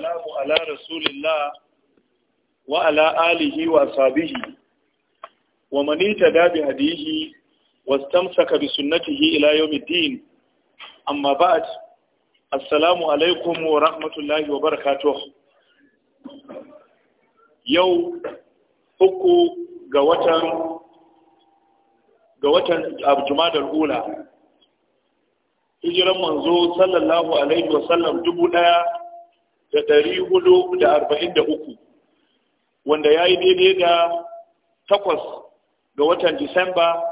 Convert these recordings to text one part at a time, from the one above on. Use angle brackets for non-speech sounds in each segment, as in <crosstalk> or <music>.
والسلام على رسول الله وعلى آله وصحبه ومن اهتدى بهديه واستمسك بسنته إلى يوم الدين أما بعد السلام عليكم ورحمة الله وبركاته يو حكو ga watan ga watan jumadar hula hijiran manzo sallallahu alaihi wasallam dubu daya da ɗari hudu da arba'in da uku wanda ya yi daidai da takwas ga watan disamba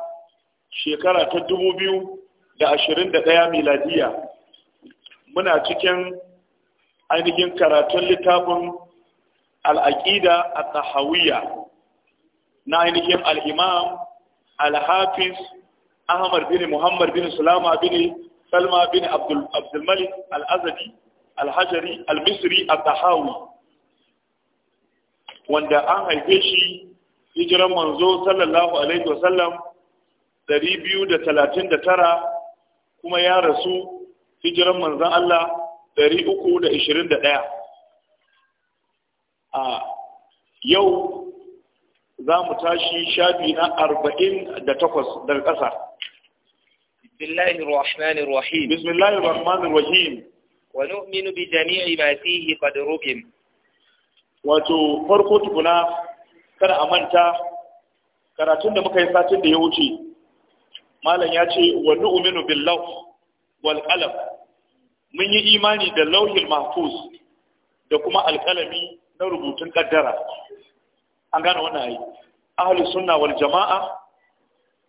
shekara ta dubu biyu da ashirin da ɗaya miladiya muna cikin ainihin karatun littafin al'aƙida a tahawiyya na ainihin al'imam al-hafiz ahmad bin muhammad bin sulama bin salma bin abdulmalik al-azadi alhajari almisri al-tahawi wanda an haife shi hijiran manzo sallallahu alaihi wasallam 239 kuma ya rasu hijiran manzan Allah 321 a yau za mu tashi shafi na 48 daga ƙasa bismillahir rahmanir rahim bismillahir rahmanir rahim wa nu'minu bi jami'i ma fihi wato farko tukuna kada a manta karatun da muka yi satin da ya wuce malam ya ce wa nu'minu bil wal qalam mun yi imani da lauhil mahfuz da kuma alƙalami na rubutun kaddara an gane wannan ayi ahlus sunna wal jama'a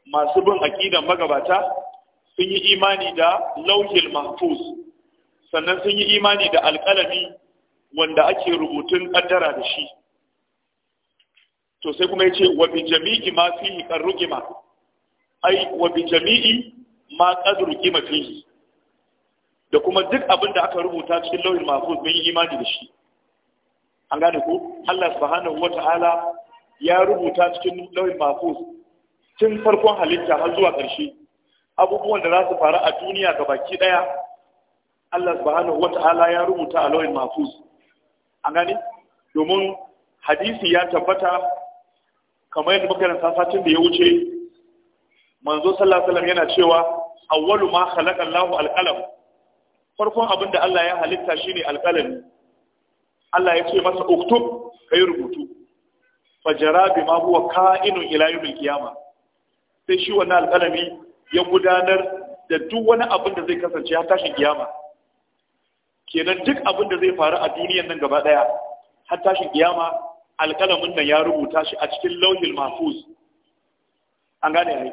masu bin aqidan magabata sun yi imani da lauhil mahfuz sannan sun yi imani da alƙalami wanda ake rubutun ƙaddara da shi to sai kuma ya ce wa bi jami'i ma fihi qarrugima ai wa bi jami'i ma qadrugima fihi da kuma duk abin da aka rubuta cikin lauhin mahfuz mun yi imani da shi an gane ko Allah subhanahu wata'ala ya rubuta cikin lauhin mahfuz tun farkon halitta har zuwa ƙarshe abubuwan da za su faru a duniya ga baki ɗaya Allah subhanahu wata'ala ya rubuta a lauyin mafuz an gani domin hadisi ya tabbata kamar yadda makaranta satin da ya wuce manzo sallallahu alaihi yana cewa awwalu ma khalaqa Allahu farkon abin da Allah ya halitta shine alkalami. Allah ya ce masa uktub kai rubutu fajara bima huwa ka'inun ila yawmil qiyamah sai shi wannan alqalami ya gudanar da duk wani abin da zai kasance ya tashi kiyama kenan duk abin da zai faru a duniyan nan gaba daya har tashin kiyama alkalamin nan ya rubuta shi a cikin lauhil mahfuz an gane ai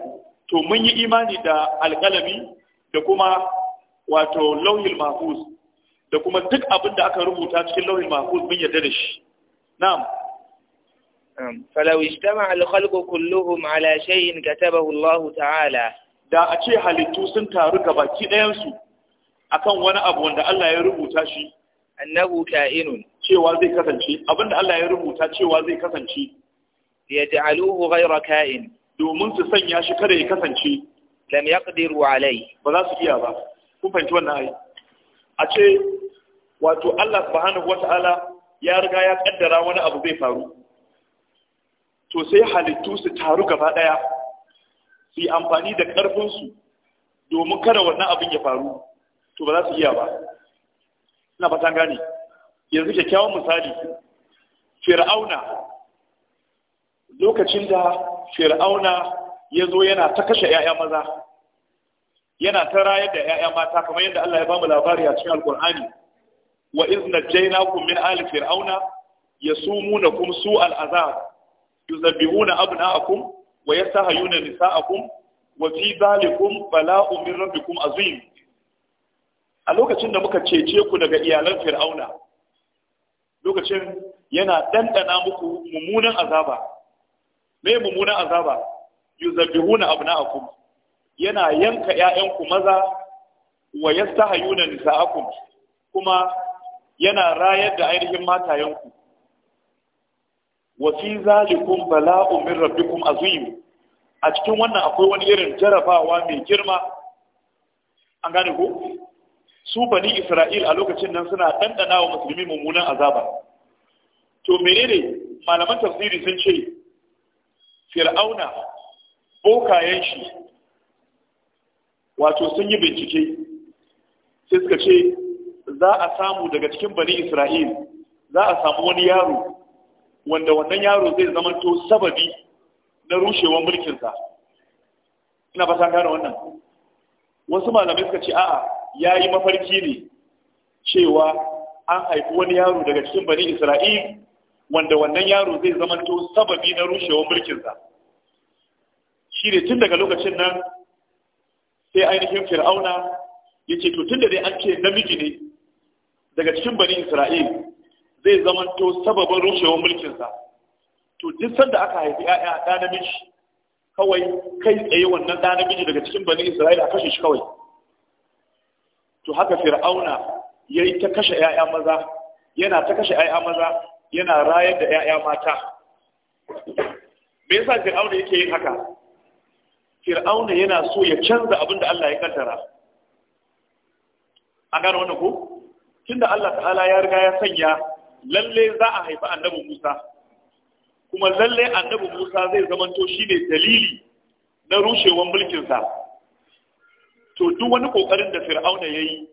to mun yi imani da alkalami da kuma wato lauhil mahfuz da kuma duk abin da aka rubuta cikin lauhil mahfuz mun yarda da shi na'am فلو اجتمع الخلق كلهم على شيء كتبه الله تعالى da a ce halittu sun taru gabaki ɗayansu akan wani abu wanda Allah ya rubuta shi annahu ka'inun cewa zai kasance abinda Allah ya rubuta cewa zai kasance liyaj'aluhu ghayra ka'in domin su sanya shi kada ya kasance lam yaqdiru alai ba za su iya ba kun fahimci wannan ai a ce wato Allah subhanahu wata'ala ya riga ya kaddara wani abu zai faru to sai halittu su taru gaba daya su yi amfani da karfin su domin kada wannan abin ya faru to ba za su iya ba ina fatan gane yanzu kyakkyawan misali fir'auna lokacin da fir'auna ya zo yana ta kashe 'ya'ya maza yana ta rayar da 'ya'ya mata kamar yadda Allah ya bamu labari a cikin alkur'ani wa iz najaynakum min ali fir'auna yasumunakum su'al azab yuzabbihuna abna'akum wa yastahayuna nisa'akum wa fi dhalikum bala'un min rabbikum azim a lokacin da muka cece ku daga iyalan fir'auna lokacin yana dandana muku mummunan azaba me mummunan azaba yuzabbihuna abna'akum yana yanka 'ya'yanku maza wa yastahayuna nisa'akum kuma yana rayar da ainihin matayenku wa fi zalikum min rabbikum azim a cikin wannan akwai wani irin jarabawa mai girma an gane ko su bani isra'il a lokacin nan suna ɗanɗana wa musulmi mummunan azaba to menene malaman tafsiri sun ce fir'auna bokayen shi wato sun yi bincike sai suka ce za a samu daga cikin bani isra'il za a samu wani yaro wanda wannan yaro zai zamanto sababi na rushewar mulkinsa ina ba ta gane wannan wasu malamai suka ce a'a ya yi mafarki ne cewa an haifi wani yaro daga cikin bani isra'il wanda wannan yaro zai zamanto sababi na rushewar mulkinsa shi ne tun daga lokacin nan sai ainihin fir'auna ya ce to tun da dai an ce namiji ne daga cikin bani isra'il zai zamanto sababin rushewar mulkinsa to duk sanda aka haifi ya'ya ɗa namiji kawai kai tsaye wannan ɗa namiji daga cikin bani isra'il a kashe shi kawai to haka fir'auna ya yi ta kashe 'ya'ya maza yana ta kashe 'ya'ya maza yana rayar da 'ya'ya mata me yasa fir'auna yake yin haka fir'auna yana so ya canza abin da Allah ya kaddara an gano wannan ko tunda Allah ta'ala ya riga ya sanya lalle za a haifi annabi Musa kuma lalle annabi Musa zai zamanto shine dalili na rushewar mulkinsa to duk wani kokarin da fir'auna yayi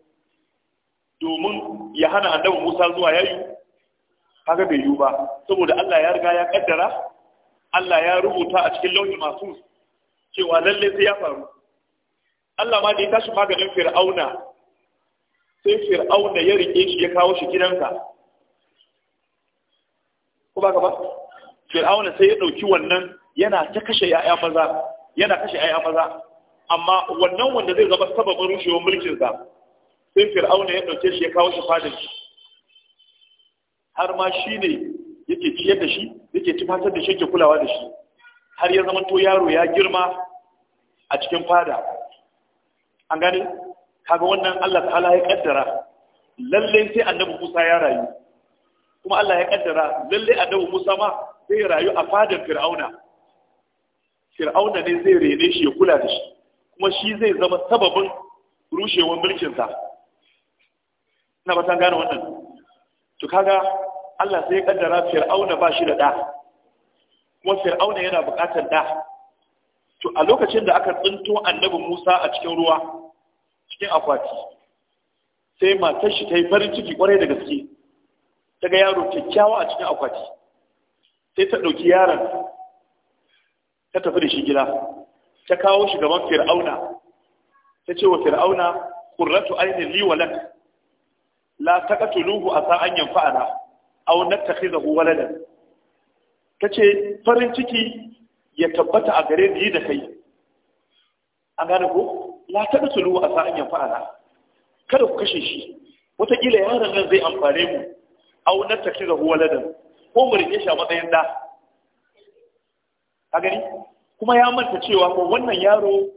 domin ya hana annabi Musa zuwa yayi kaga bai yiwu ba saboda Allah ya riga ya kaddara Allah ya rubuta a cikin lauhin masu cewa lalle sai ya faru Allah ma da ya tashi maganin fir'auna sai fir'auna ya rike shi ya kawo shi gidansa ko ba ba fir'auna sai ya dauki wannan yana ta kashe ya'ya maza yana kashe ya'ya maza amma wannan wanda zai zama sababin rushewar mulkin sa sai fir'auna ya dauke shi ya kawo shi fadin har ma shi ne yake ciyar da shi yake tufatar da shi yake kulawa da shi har ya zama to yaro ya girma a cikin fada an gane kaga wannan Allah ta'ala ya kaddara lalle sai annabi Musa ya rayu kuma Allah ya kaddara lalle annabi Musa ma zai rayu a fadar Fir'auna Fir'auna ne zai rene shi ya kula da shi kuma shi zai zama sababin rushewar mulkinsa na ba gane wannan to kaga Allah sai ya kaddara fir'auna ba shi da da kuma fir'auna yana buƙatar da to a lokacin da aka tsinto annabi Musa a cikin ruwa cikin akwati sai matar shi ta yi farin ciki kwarai da gaske ta ga yaro kyakkyawa a cikin akwati sai ta ɗauki yaron ta tafi da shi gida ta kawo shi gaban fir'auna ta ce wa fir'auna qurratu aynin li wa la taqtuluhu asa an yanfa'ana aw nattakhidahu waladan ce farin ciki ya tabbata a gare ni da kai an gane ko la taqtuluhu asa an yanfa'ana kada ku kashe shi wataƙila yaron nan zai amfane mu aw nattakhidahu waladan ko mu rike shi a matsayin da ka gani kuma ya manta cewa ko wannan yaro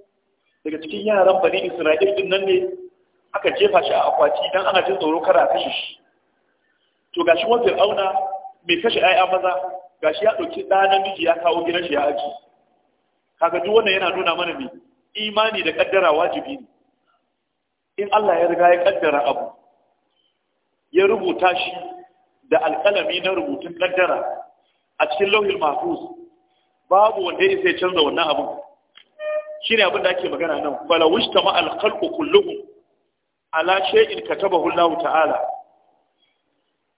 daga cikin yaran bani isra'il din nan ne aka jefa shi a akwati dan ana jin tsoro a kashe shi to gashi wa fir'auna mai kashe 'ya'yan maza gashi ya dauki ɗa namiji ya kawo gidan shi ya aji kaga duk wannan yana nuna mana me imani da kaddara wajibi ne in Allah ya riga ya kaddara abu ya rubuta shi da alƙalami na rubutun kaddara a cikin lauhin mahfuz babu wanda ya sai canza wannan abu shi ne abin da ake magana nan falawush ta ma'al kalko kullum ala ka taba hullahu ta'ala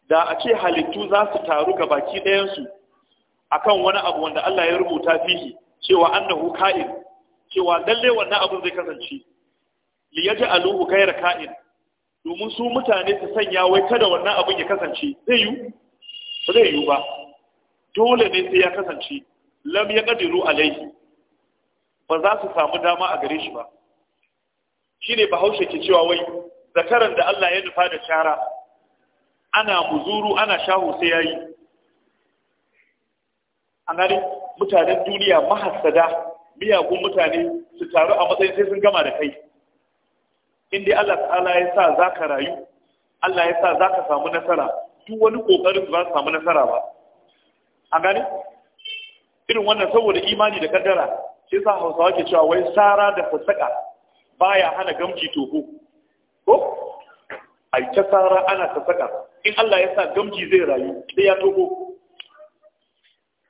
da a ce halittu za su taru ga baki ɗayansu A kan wani abu wanda Allah ya rubuta fihi cewa annahu ka'in cewa lalle wannan abin zai kasance li yaj'aluhu ghayra ka'in domin su mutane su sanya wai kada wannan abin ya kasance zai yi ba dole ne sai ya kasance lam ya kadiru alaihi ba za su samu dama a gare shi ba Shi ne bahaushe ke cewa wai zakaran da Allah ya nufa da shara ana muzuru ana shahu sai yayi A mutanen duniya mahassada miyagun mutane su taru a matsayin sai sun gama da kai indai Allah ta'ala ya sa za ka rayu Allah ya sa za ka samu nasara duk wani kokarin ba samu nasara ba a gani irin wannan saboda imani da kaddara shi sa hausawa ke cewa wai sara da fasaka baya hana gamji toho ko ai ta sara ana fasaka in Allah ya sa gamji zai rayu sai ya toho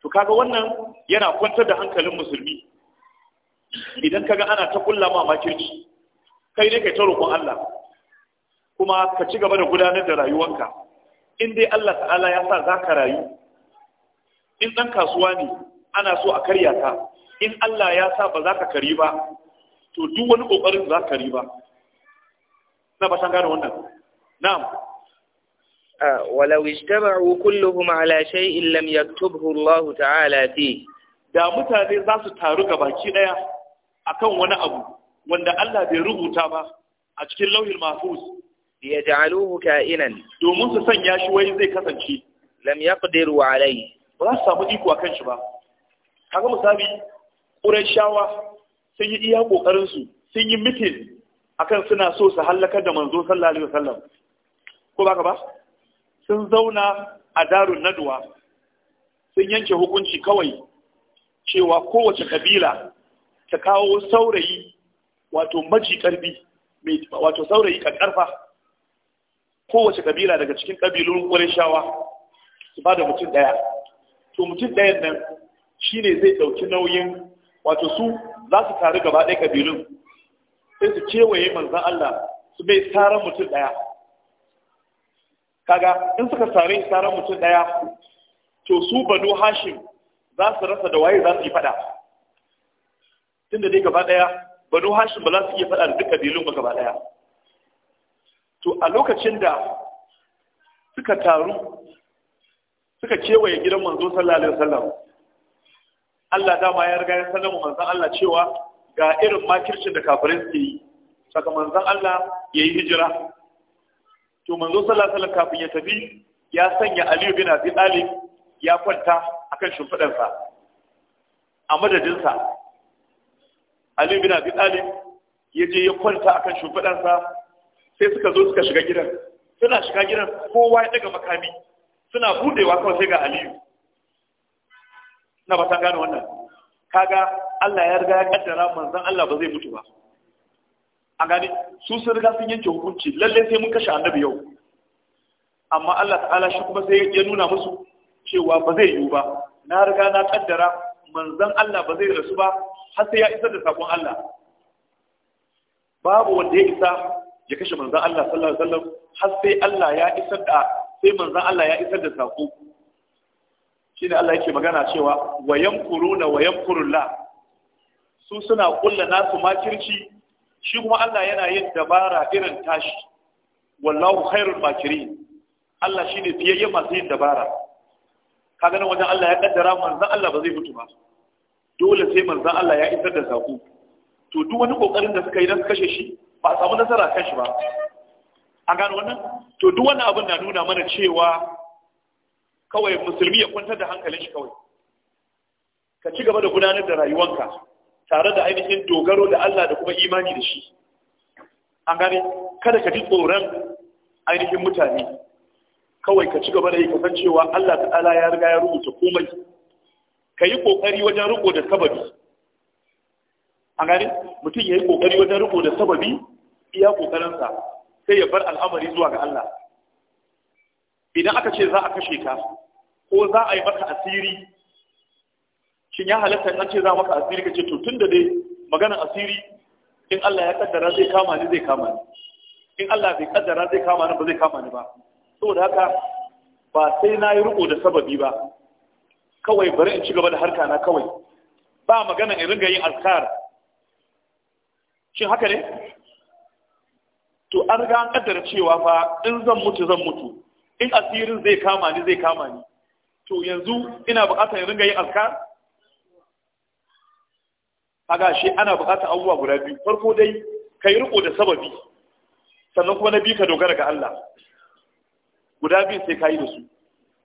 to kaga wannan yana kwantar da hankalin musulmi idan kaga ana ta kulla ma makirci kai ne kai ta roƙon Allah kuma ka ci gaba da gudanar da rayuwanka in dai Allah ta'ala ya sa za ka rayu in ɗan kasuwa ne ana so a karya ta. in Allah ya sa ba za ka kari ba to duk wani kokarin za ka kari ba na ba san gane wannan na'am walau ijtama'u kulluhum ala shay'in lam yaktubhu Allah ta'ala fi da mutane za su taru baki daya akan wani abu wanda Allah bai rubuta ba a cikin lauhin mahfuz ya ja'aluhu ka'inan domin su sanya shi wai zai kasance lam yaqdiru alayhi ba za su samu iko kan shi ba kaga misali ƙurashawa sun yi iya ƙoƙarinsu sun yi mitin akan suna so su hallakar da manzo sallallahu alaihi wasallam ko baka ba sun zauna a darun naduwa sun yanke hukunci kawai cewa kowace kabila ta kawo saurayi wato maji karbi wato saurayi karfa kowace kabila daga cikin kabilun ƙurashawa su ba da mutum ɗaya to mutum ɗayan nan Shi ne zai ɗauki nauyin wato su za su taru gaba ɗaya kabilun sai su kewaye manzan Allah su bai tsaron mutum ɗaya kaga in suka tsare tsaron mutum ɗaya to su banu hashim za su rasa da waye za su yi faɗa tunda dai gaba ɗaya banu hashim ba za su iya faɗa da duk kabilun ba gaba ɗaya to a lokacin da suka taru suka kewaye gidan manzo sallallahu alaihi wasallam Allah dama ya riga ya sanar mu manzon Allah cewa ga irin makircin da kafirai suke yi saka manzon Allah ya yi hijira to manzo sallallahu alaihi kafin ya tafi ya sanya Aliyu bin Abi Talib ya kwanta akan shimfidan sa a madadin sa Aliyu bin Abi Talib ya je ya kwanta akan shimfidan sa sai suka zo suka shiga gidan suna shiga gidan kowa ya daga makami suna budewa kawai sai ga Aliyu na ba ta gane wannan kaga Allah ya riga ya kaddara manzon Allah ba zai mutu ba an gani, su sun riga sun yanke hukunci lalle sai mun kashe annabi yau amma Allah ta'ala shi kuma sai ya nuna musu cewa ba zai yiwu ba na riga na kaddara manzon Allah ba zai rasu ba har sai ya isar da sakon Allah babu wanda ya isa ya kashe manzon Allah sallallahu alaihi wasallam har sai Allah ya isar da sai manzon Allah ya isar da sako shine Allah yake magana cewa wa kuruna wayan kurulla su suna kulla nasu makirci shi kuma Allah yana yin dabara irin tashi wallahu khairul makiri. Allah shine fiyayye masu yin dabara Ka gani wajen Allah ya kaddara manzon Allah ba zai mutu ba dole sai manzon Allah ya isar da sako to duk wani kokarin da suka yi don kashe shi ba a samu nasara kan shi ba A gano wannan to duk wani abin na nuna mana cewa kawai musulmi ya kwantar da hankalin shi kawai ka ci gaba da gudanar da rayuwanka tare da ainihin dogaro da Allah da kuma imani da shi an gane kada ka ji tsoron ainihin mutane kawai ka ci gaba da yi kasancewa Allah ala ya riga ya rubuta komai ka yi kokari wajen riko da sababi an gane mutum ya yi kokari wajen riko da sababi iya kokarinsa sai ya bar al'amari zuwa ga Allah idan aka ce za a kashe ka ko za a yi maka asiri shin ya halatta an ce za maka asiri ka ce to tun da dai magana asiri in Allah ya kaddara zai kama ni zai kama ni in Allah bai kaddara zai kama ni ba zai kama ni ba saboda haka ba sai na yi riko da sababi ba kawai bari in ci gaba da harka na kawai ba magana in ringa yin azkar shin haka ne to an riga an kaddara cewa fa in zan mutu zan mutu in asirin zai kama ni zai kama ni to yanzu ina buƙatar ringa yin azkar aga shi ana buƙatar abubuwa guda biyu farko dai kai riko da sababi sannan kuma na bi ka dogara ga Allah guda biyu sai kai da su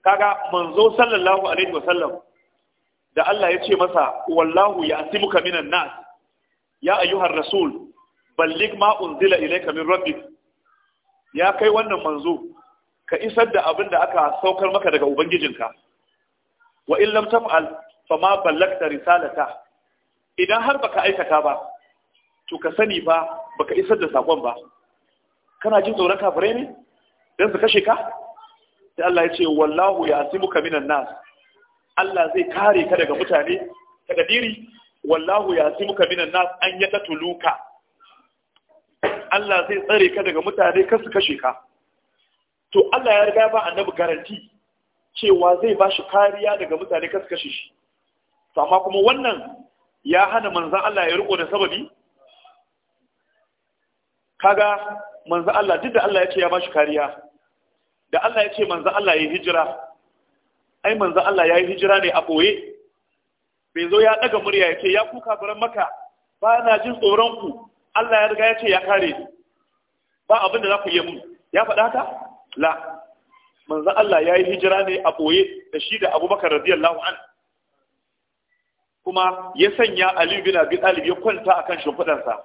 kaga manzo sallallahu alaihi wa da Allah ya ce masa wallahu ya asimuka minan nas ya ayyuhar rasul balligh ma unzila ilayka min rabbik ya kai wannan manzo ka isar da abin da aka saukar maka daga ubangijinka wa in lam taf'al fa ma ballagta risalata idan har baka aikata ba to ka sani ba baka isar da sakon ba kana jin tsoron kafirai ne dan su kashe ka sai Allah ya ce wallahu ya'simuka minan nas Allah zai kare ka daga mutane daga diri wallahu ya'simuka minan nas an yatatuluka Allah zai tsare ka daga mutane kar su kashe ka to Allah ya riga ba annabi garanti cewa zai ba shi kariya daga mutane kasu kashe shi to amma kuma wannan ya hana manzan Allah ya riko da sababi kaga manzan Allah duk da Allah ya ce ya ba shi kariya da Allah ya ce manzan Allah ya hijira ai manzan Allah ya yi hijira ne a ɓoye bai zo ya ɗaga murya ya ce ya kuka biran maka ba na jin tsoron ku Allah ya riga ya ce ya kare ba abinda da za ku yi mun ya faɗa ka la manzo Allah ya yi hijira ne a ɓoye da shi da abubakar radiyallahu an kuma ya sanya aliyu bin abi talib ya kwanta akan shimfiɗansa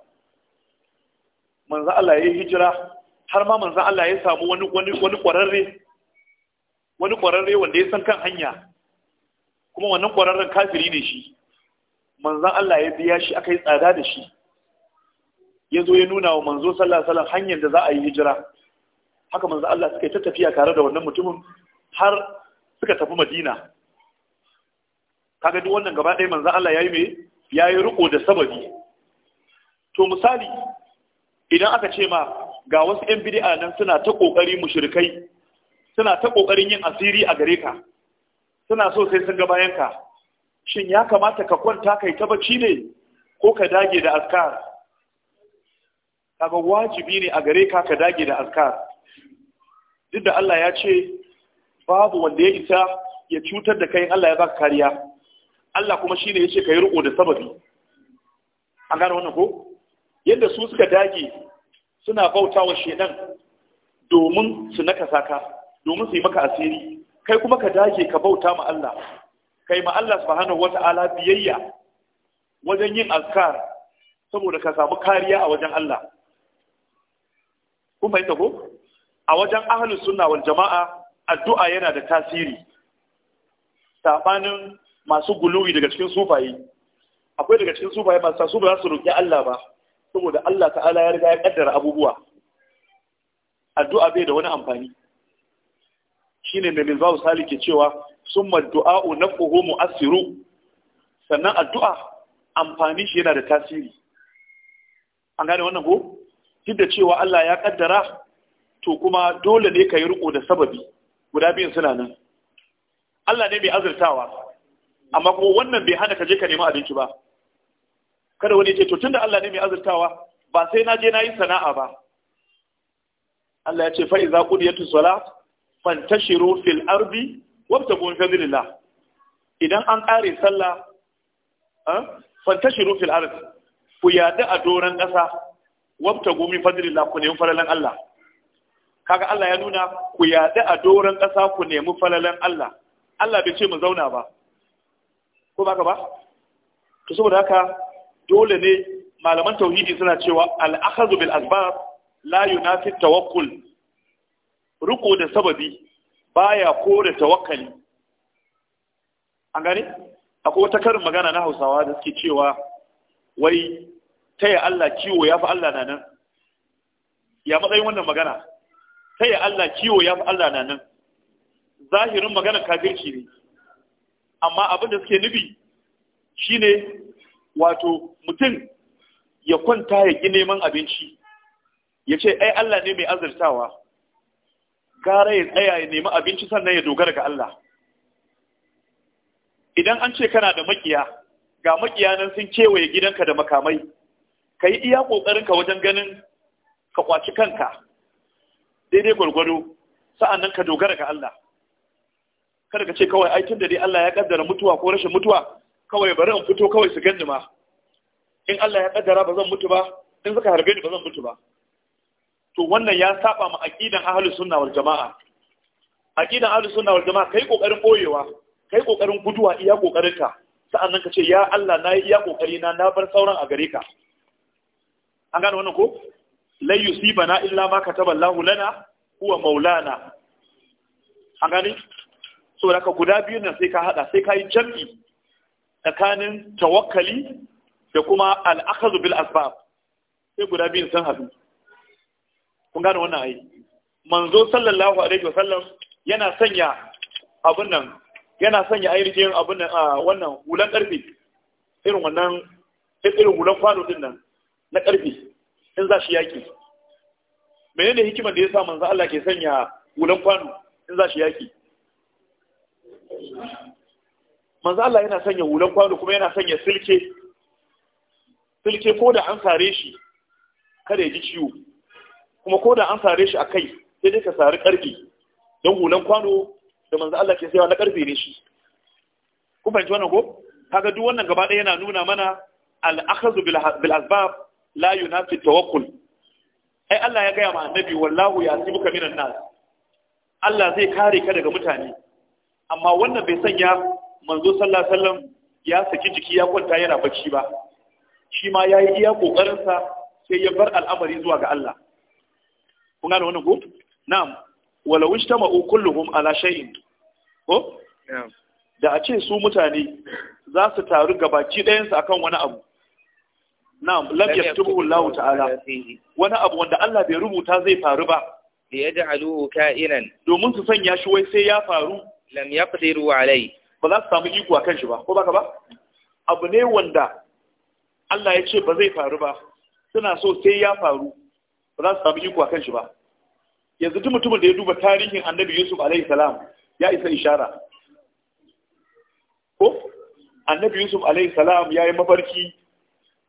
manzo Allah ya yi hijira har ma manzo Allah ya samu wani wani wani ƙwararre wani ƙwararre wanda ya san kan hanya kuma wannan ƙwararren kafiri ne shi manzan Allah ya biya shi aka yi tsada da shi ya zo ya nuna wa manzo sallallahu alaihi wasallam hanyar da za a yi hijira haka manzo Allah suka yi ta tafiya tare da wannan mutumin har suka tafi Madina kaga duk wannan gaba ɗaya manzo Allah yayi me yayi riko da sababi to misali idan aka ce ma ga wasu ƴan bid'a nan suna ta kokari mushrikai suna ta kokarin yin asiri a gare ka suna so sai sun ga bayan ka shin ya kamata ka kwanta kai ta bacci ne ko ka dage da azkar kaga wajibi ne a gare ka ka dage da azkar duk da Allah ya ce babu wanda ya isa ya cutar da kai Allah ya baka kariya Allah kuma shine yace kai riko da sababi an gane wannan ko yadda su suka dage suna bauta wa shedan domin su naka saka domin su yi maka asiri kai kuma ka dage ka bauta ma Allah kai ma Allah subhanahu wata'ala biyayya wajen yin azkar saboda ka samu kariya a wajen Allah kun ita ko a wajen ahalus sunna wal jama'a addu'a yana da tasiri Tafanin masu guluwi daga cikin sufaye akwai daga cikin sufaye masu tasu ba za su roƙi Allah ba saboda Allah ta'ala ya riga ya ƙaddara abubuwa addu'a bai da wani amfani shine mai mizawu sali ke cewa sun na du'a'u mu mu'assiru sannan addu'a amfani shi yana da tasiri an gane wannan ko duk da cewa Allah ya ƙaddara. to kuma dole ne ka yi riko da sababi guda biyun suna nan Allah ne mai azurtawa amma kuma wannan bai hana ka je ka nemi abinci ba kada wani ce to tunda Allah ne mai azurtawa ba sai na je na yi sana'a ba Allah ya ce fa iza qudiyatus salat fantashiru fil ardi wabtagu min fadlillah idan an kare sallah fantashiru fil ardi ku yada a doran kasa wabtagu min fadlillah ku nemi falalan Allah kaga Allah ya nuna ku yaɗe a doron ƙasa ku nemi falalan Allah Allah bai ce mu zauna ba ko baka ba to saboda haka dole ne malaman tauhidi suna cewa al-akhadhu bil asbab la yunafi tawakkul riko da sababi baya kore tawakkali an gane akwai wata karin magana na Hausawa da suke cewa wai taya Allah kiwo yafi Allah na nan ya matsayin wannan magana taya Allah kiwo ya fi Allah na nan zahirin maganar kafirci ne amma abin da suke nubi shine wato mutum ya kwanta ya ƙi neman abinci ya ce ai Allah ne mai azurtawa gara ya tsaya ya nemi abinci sannan ya dogara ga Allah idan an ce kana da makiya ga makiya nan sun kewaye gidanka da makamai ka yi iya ƙoƙarinka wajen ganin ka kwaci kanka daidai gwargwado sa'annan ka dogara ga Allah kada ka ce kawai ai da dai Allah ya kaddara mutuwa ko rashin mutuwa kawai bari in fito kawai su gani ma in Allah ya kaddara ba zan mutu ba in suka harbe ni ba zan mutu ba to wannan ya saba ma aqidan ahlus sunna wal jamaa aqidan ahlus sunna wal jamaa kai kokarin boyewa kai kokarin guduwa iya kokarin ka sa'annan ka ce ya Allah na iya kokari na na bar sauran a gare ka an gane wannan ko la bana illa ma ka taba lana kuwa maulana A gani so daga guda biyun nan sai ka hada sai ka yi jam'i tsakanin tawakkali da kuma al'akazu bil asbab sai guda biyun sun haɗu kun gane wannan ai manzo sallallahu alaihi wa sallam yana sanya abun nan yana sanya ainihin abun nan wannan hulan karfe irin wannan irin hulan kwano din nan na karfe in za shi yaƙi menene hikimar da ya sa manzo Allah ke sanya hulan kwano in za shi yaƙi manzo Allah yana sanya hulan kwano kuma yana sanya silke silke ko da an sare shi kada ya ji ciwo kuma ko da an sare shi a kai sai dai ka sari karfe don hulan kwano da manzo Allah ke sayawa na karfe ne shi ku fahimci wannan ko kaga duk wannan gaba ɗaya yana nuna mana al-akhdhu bil asbab la yunafi tawakkul ai Allah ya gaya ma annabi wallahu ya muka minan nas Allah zai kare ka daga mutane amma wannan bai sanya manzo sallallahu alaihi wasallam ya saki jiki ya kwanta yana bacci ba shi ma yayi iya kokarin sa sai ya bar al'amari zuwa ga Allah kun gane wannan ko na'am wala ijtama'u kulluhum ala shay'in ko da a ce su mutane za su taru gabaki ɗayansu akan wani abu na'am lam yaktubu Allah ta'ala wani abu wanda Allah bai rubuta zai faru ba li yaj'aluhu ka'inan domin su sanya shi wai sai ya faru lam yaqdiru alai ba za su samu iko akan shi ba ko baka ba abu ne wanda Allah ya ce ba zai faru ba suna so sai ya faru ba za su samu iko akan shi ba yanzu duk mutumin da ya duba tarihin Annabi Yusuf alaihi salam ya isa ishara ko Annabi Yusuf alaihi salam ya yi mafarki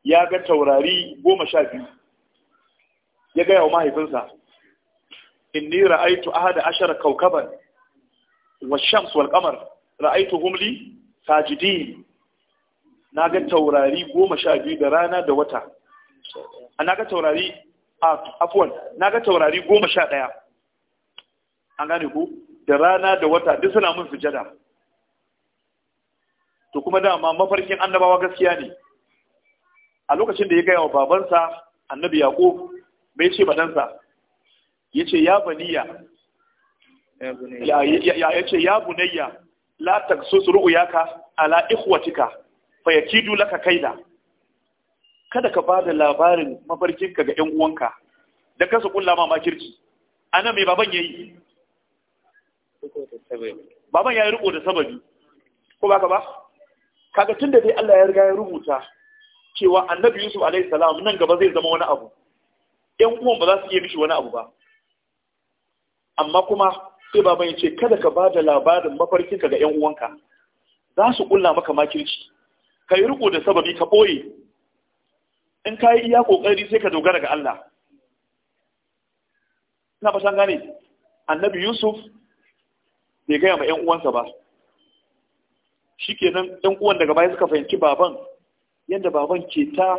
ya ga taurari goma sha biyu ya gaya wa mahaifinsa inni ra'aitu ahada ashara kaukaban wa shams wal qamar ra'aitu humli sajidin na ga taurari goma sha biyu da rana da wata na ga taurari afuwan na ga taurari goma sha ɗaya an gane ku da rana da wata duk suna mun sujada to kuma dama mafarkin annabawa gaskiya ne a lokacin da ya gaya wa babansa annabi yaqub bai ce ba dansa ce ya baniya ya ce ya bunayya la taksus ru'yaka ala ikhwatika fayakidu laka kaida kada ka ba da labarin mafarkinka ga 'yan uwanka da kasa kulla ma makirci ana mai baban yayi baban ya yi riko da sababi ko ba ka ba kaga tunda dai Allah ya riga ya rubuta cewa annabi yusuf alayhi salam nan gaba zai zama wani abu yan uwan ba za su iya mishi wani abu ba amma kuma sai baban ya ce kada ka ba da labarin mafarkinka ga yan uwanka za su kulla maka makirci ka yi riko da sababi ka boye in ka yi iya kokari sai ka dogara ga Allah ina ba san gane annabi yusuf bai gaya ma yan uwansa ba shikenan yan uwan daga baya suka fahimci baban yadda baban ke ta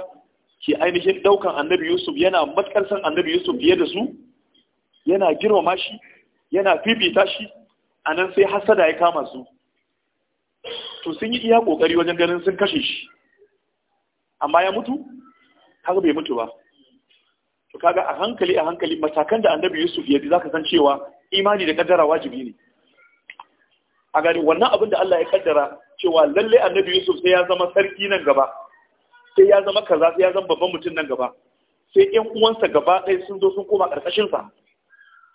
ke ainihin daukan annabi yusuf yana matkar san annabi yusuf fiye da su yana girmama shi yana fifita shi a nan sai hasada ya kama su to sun yi iya kokari wajen ganin sun kashe shi amma ya mutu har bai mutu ba to kaga a hankali a hankali matakan da annabi yusuf ya bi zaka san cewa imani da kaddara wajibi ne a gani wannan abin da Allah ya kaddara cewa lalle annabi yusuf sai ya zama sarki nan gaba sai ya zama kaza sai ya zama babban mutum nan gaba sai 'yan uwansa gaba ɗaya sun zo sun koma ƙarƙashin sa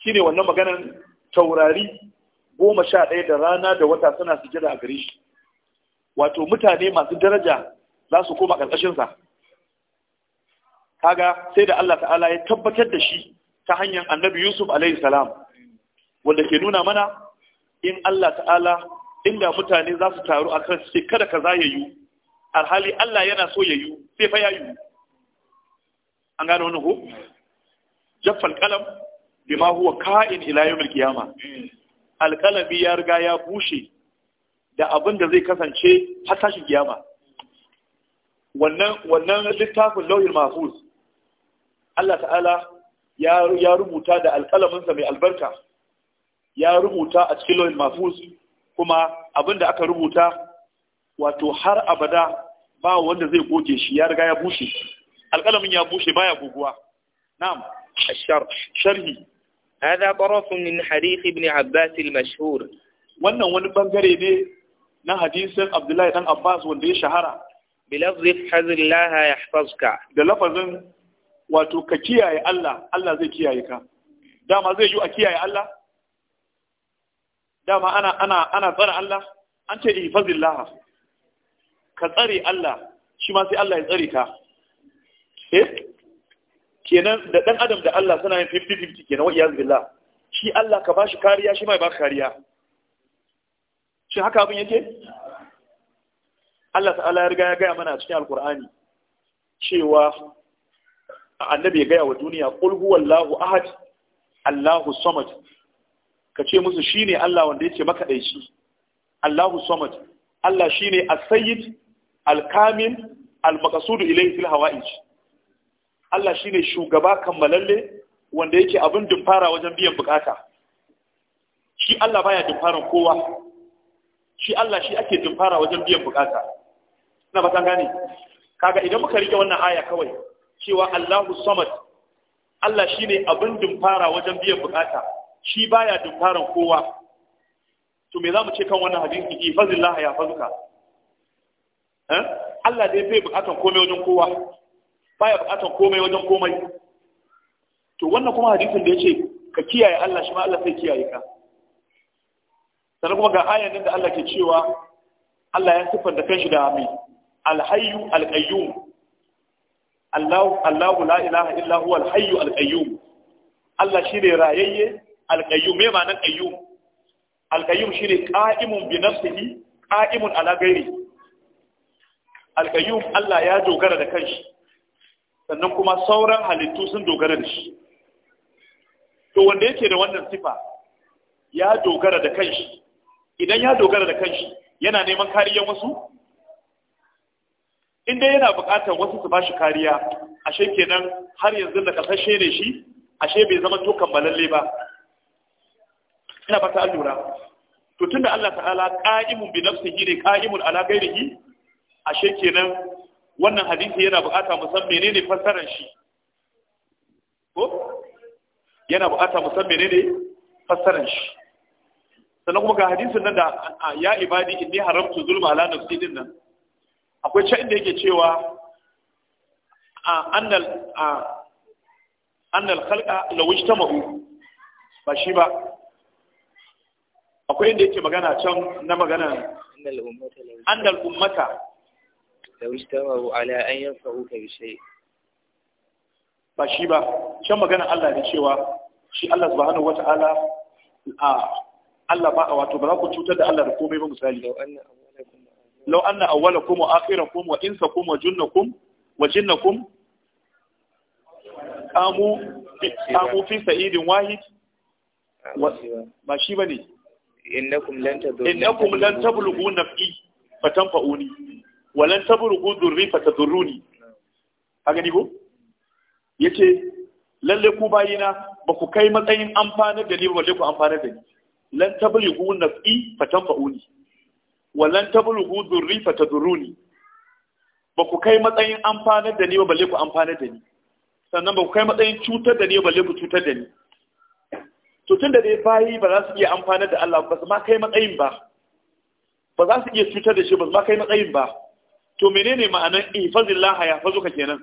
shine wannan maganar taurari goma sha ɗaya da rana da wata suna sujada a gare shi wato mutane masu daraja za su koma ƙarƙashin sa kaga sai da Allah ta'ala ya tabbatar da shi ta hanyar annabi Yusuf alaihi salam wanda ke nuna mana in Allah ta'ala inda mutane za su taru a kan ce kada ka zayayu alhali Allah yana so ya yi sai fa ya yi an gano wani ko jaffal kalam bima huwa ka'in ila yawmil qiyama alkalami ya riga ya bushe da abin da zai kasance har tashin kiyama wannan wannan littafin lauhin mahfuz Allah ta'ala ya ya rubuta da alkalaminsa mai albarka ya rubuta a cikin lauhin mahfuz kuma abin da aka rubuta wato har abada ba wanda zai goge shi ya riga ya bushe alƙalamin ya bushe baya guguwa. na'am ashar sharhi hada qaraf min hadith ibn abbas al-mashhur wannan wani bangare ne na hadisin abdullahi dan abbas wanda ya shahara bilafzi hazillah yahfazka da lafazin wato ka kiyaye Allah Allah zai kiyaye ka dama zai yi a kiyaye Allah dama ana ana ana tsara Allah an ce ihfazillah ka tsare Allah shi ma sai Allah ya tsare ka eh kenan da dan adam da Allah suna yin 50-50 kenan wa iyaz billah shi Allah ka bashi kariya shi ma ya baka kariya shi haka abin yake Allah ta'ala ya riga ya gaya mana a cikin alkur'ani cewa annabi ya gaya wa duniya qul huwallahu ahad Allahu samad ka ce musu shine Allah wanda yake makaɗaici Allahu samad Allah shine as-sayyid alkamil almakasudu ilayhi fil hawa'ij Allah shine shugaba kammalalle wanda yake abin dumfara wajen biyan bukata shi Allah baya dumfaran kowa shi Allah shi ake dumfara wajen biyan bukata ina ba gane kaga idan muka rike wannan aya kawai cewa Allahu samad Allah shine abin dumfara wajen biyan bukata shi baya dumfaran kowa to me za mu ce kan wannan hadisi ifazillah ya fazuka Eh? Allah dai bai bukatan komai wajen kowa baya bukatan komai wajen komai to wannan kuma hadisin da yace ka kiyaye Allah shi ma Allah sai kiyaye ka sannan kuma ga ayan da Allah ke cewa Allah ya da kanshi da mai alhayyu alqayyum Allahu, Allahu la ilaha illa huwa alhayyu alqayyum Allah shi ne rayayye alqayyum me ma'anar qayyum alqayyum ne qa'imun bi nafsihi qa'imun ala ghairihi alkayyum Allah ya dogara da kanshi sannan kuma sauran halittu sun dogara da shi to wanda yake da wannan sifa ya dogara da kanshi idan ya dogara da kanshi yana neman kariyar wasu inda yana buƙatar wasu su bashi kariya ashe kenan har yanzu da kasashe ne shi ashe bai zama to balalle ba ina ba ta allura to tunda Allah ta'ala qa'imun bi nafsihi ne qa'imun ala ghairihi ashe kenan wannan hadisi yana bukata mu san menene fassarar shi ko yana bukata mu san menene fassarar shi sannan kuma ga hadisin nan da ya ibadi inni haramtu zulma ala nafsi din nan akwai can inda yake cewa annal annal khalqa law ijtama'u ba shi ba akwai inda yake magana can na magana annal ummata لو اجتمعوا على أن ينفعوك بشيء ba shi ba shan magana Allah ne cewa shi Allah subhanahu wata'ala a Allah ba wato ba za ku cutar da Allah da komai ba misali law anna awwalakum wa akhirakum wa insakum wa junnakum wa jinnakum qamu qamu fi sa'idin wahid ba walan tabrugu durri fa tadurruni haka ni ko yace lalle ku bayina ba ku kai matsayin amfana da ni balle ku amfana da ni lan tablugu naf'i fa tanfa'uni walan tablugu durri fa ni ba ku kai matsayin amfana da ni balle ku amfana da ni sannan ba ku kai matsayin cutar da ni balle ku cutar da ni to tun da dai bayi ba za su iya amfana da Allah ba su ma kai matsayin ba ba za su iya cutar da shi ba su ma kai matsayin ba to menene ma'anan ifazillah ya fazuka kenan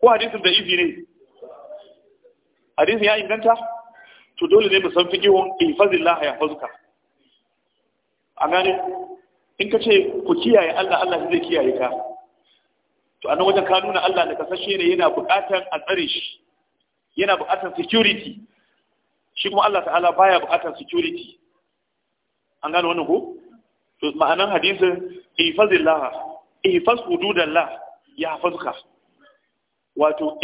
ko hadisin da izi ne hadisin ya inganta to dole ne mu san fiqhun ifazillah ya fazuka a gane in ka ce ku kiyaye Allah Allah zai kiyaye ka to a nan wajen ka nuna Allah da kasashe ne yana buƙatan a tsare shi yana buƙatan security shi kuma Allah ta'ala baya buƙatan security an gane wannan ko to ma'anan hadisin ihfazillah la ya fuska. wato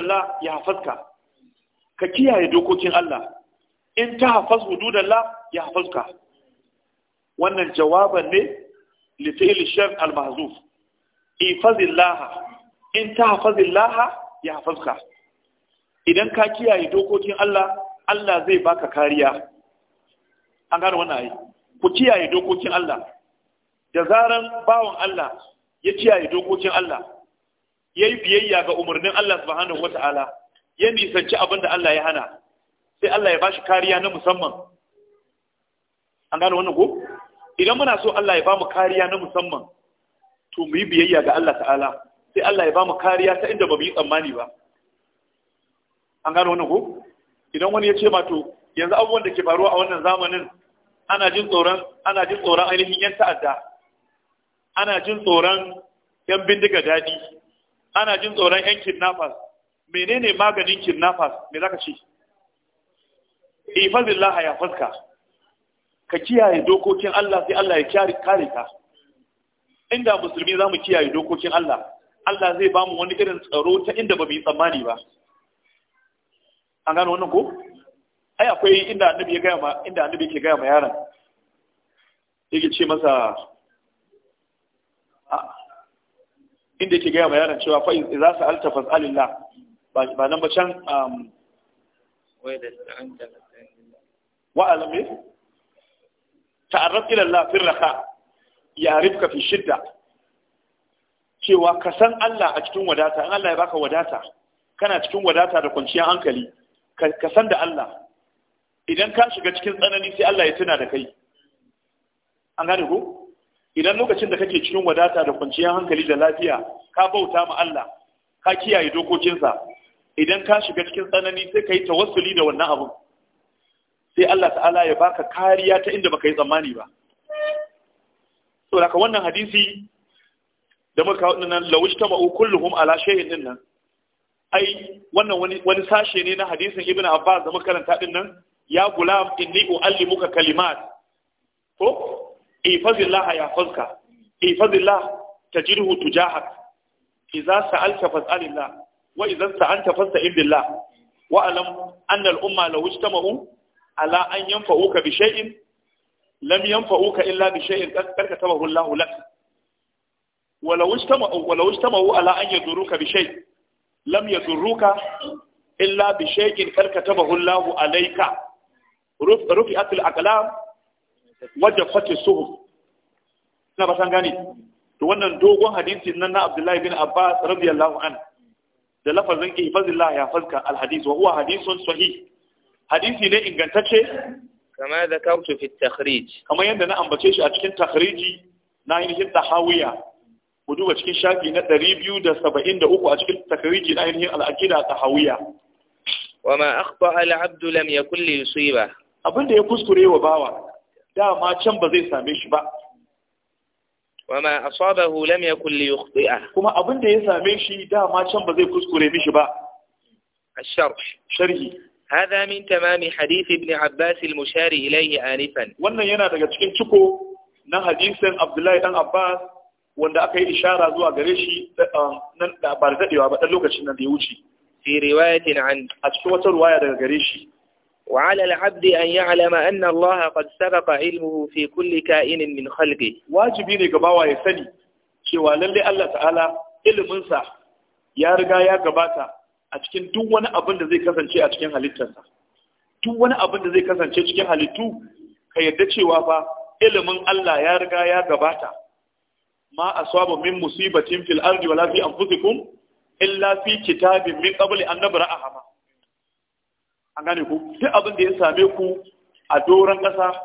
la ya fuska, ka kiyaye dokokin Allah in ta hafaz ya fuska. wannan jawaban ne li fi'l shar al mahzuf ihfazillah in ta ya fuska. idan ka kiyaye dokokin Allah Allah zai baka kariya an gane wannan ayi ku kiyaye dokokin Allah da zaran bawan Allah ya kiyaye dokokin Allah Ya yi biyayya ga umarnin Allah subhanahu wata'ala ya nisanci abin da Allah ya hana sai Allah ya bashi kariya na musamman an gano wannan ko idan muna so Allah ya bamu kariya na musamman to mu yi biyayya ga Allah ta'ala sai Allah ya bamu kariya ta inda ba mu yi tsammani ba an gano wannan ko idan wani ya ce ma to yanzu abubuwan da ke faruwa a wannan zamanin ana jin tsoron ana jin tsoron ainihin yan ta'adda ana jin tsoron yan bindiga daɗi ana jin tsoron yan kidnappers menene maganin kidnappers me zaka ce ifazillah ya fuska. ka kiyaye dokokin Allah sai Allah ya kare ka inda musulmi za mu kiyaye dokokin Allah Allah zai ba mu wani irin tsaro ta inda ba mu yi tsammani ba an gano wannan ko ai akwai inda annabi ya gaya ma inda annabi ke gaya ma yaron yake ce masa inda yake gaya ma yaron cewa fa idza sa'alta fas'alillah ba ba nan ba can um wa alami ta'arraf ila Allah fi raha ya'rifka fi shidda cewa ka san Allah a cikin wadata in Allah ya baka wadata kana cikin wadata da kwanciyar hankali ka san da Allah idan ka shiga cikin tsanani sai Allah ya tuna da kai an gane ko idan lokacin da kake cikin wadata da kwanciyar hankali da lafiya ka bauta ma Allah ka kiyaye dokokinsa idan ka shiga cikin tsanani sai ka yi tawassuli da wannan abun sai Allah ta'ala ya baka kariya ta inda baka yi tsammani ba saboda ka wannan hadisi da muka kawo nan lawishta ma'u kulluhum ala shay'in din nan ai wannan wani wani sashe ne na hadisin ibn abbas da muka karanta din nan يا غلام إني أعلمك كلمات إفاظ الله يا يحفظك إفاظ الله تجره تجاهك إذا سألت فاسأل الله وإذا سألت فاستئذ الله واعلم أن الأمة لو اجتمعوا على أن ينفعوك بشيء لم ينفعوك إلا بشيء كتبه الله لك ولو اجتمعوا ولو اجتمعوا على أن يضروك بشيء لم يضروك إلا بشيء كتبه الله عليك rufi'at al-aqlam wajaffat as-suhuf ina ba san gane to wannan dogon hadisi nan na Abdullahi bin Abbas radiyallahu an da lafazin ihfazillah ya fazka al-hadis wa huwa hadisun sahih hadisi ne ingantacce kama zakartu fi at-takhrij kamar yadda na ambace shi a cikin takhriji na yin tahawiya ku duba cikin shafi na 273 a cikin takhriji na yin al-aqida tahawiya وما أخطأ العبد لم يكن ليصيبه abin da ya kuskure wa bawa dama can ba zai same shi ba wama asabahu lam yakul li yukhti'a kuma abin da ya same shi dama can ba zai kuskure mishi ba الشرح شرحي هذا من تمام حديث ابن عباس المشار إليه آنفا wannan yana daga cikin ciko na hadisin Abdullahi dan Abbas wanda aka yi ishara zuwa gare shi ah, nan da ba da dadewa ba dan lokacin nan da ya wuce fi riwayatin an a cikin wata riwaya daga gare shi وعلى العبد أن يعلم أن الله قد سبق علمه في كل كائن من خلقه واجبي ne ga bawa ya sani cewa lalle Allah ta'ala ilimin sa ya riga ya gabata a cikin duk wani abin da zai kasance a cikin halittarsa duk wani abin da zai kasance cikin halittu ka yadda cewa fa ilimin Allah ya riga ya gabata ma asaba min musibatin fil ardi wala fi anfusikum illa fi kitabin min qabli an nabra'aha an gane ku duk abin da ya same ku a doron ƙasa